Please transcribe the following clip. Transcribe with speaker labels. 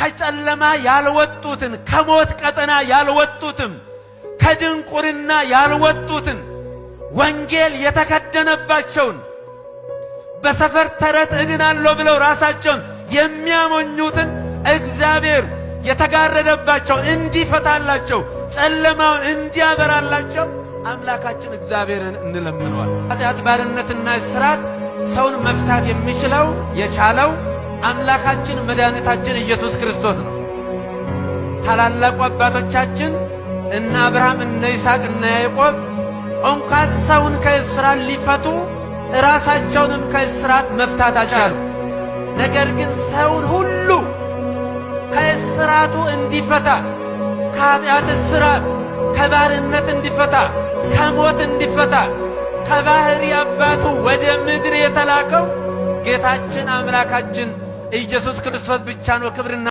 Speaker 1: ከጨለማ ያልወጡትን ከሞት ቀጠና ያልወጡትም ከድንቁርና ያልወጡትን ወንጌል የተከደነባቸውን በሰፈር ተረት እድናለሁ ብለው ራሳቸውን የሚያሞኙትን እግዚአብሔር የተጋረደባቸው እንዲፈታላቸው ጨለማውን እንዲያበራላቸው አምላካችን እግዚአብሔርን እንለምነዋል። ኃጢአት ባርነትና እስራት ሰውን መፍታት የሚችለው የቻለው አምላካችን መድኃኒታችን ኢየሱስ ክርስቶስ ነው። ታላላቁ አባቶቻችን እነ አብርሃም፣ እነ ይስሐቅ፣ እነ ያዕቆብ እንኳን ሰውን ከእስራት ሊፈቱ ራሳቸውንም ከእስራት መፍታት አቻሉ። ነገር ግን ሰውን ሁሉ ከእስራቱ እንዲፈታ ከኃጢአት እስራት፣ ከባርነት እንዲፈታ፣ ከሞት እንዲፈታ ከባህሪ አባቱ ወደ ምድር የተላከው ጌታችን አምላካችን ኢየሱስ ክርስቶስ ብቻ ነው ክብርና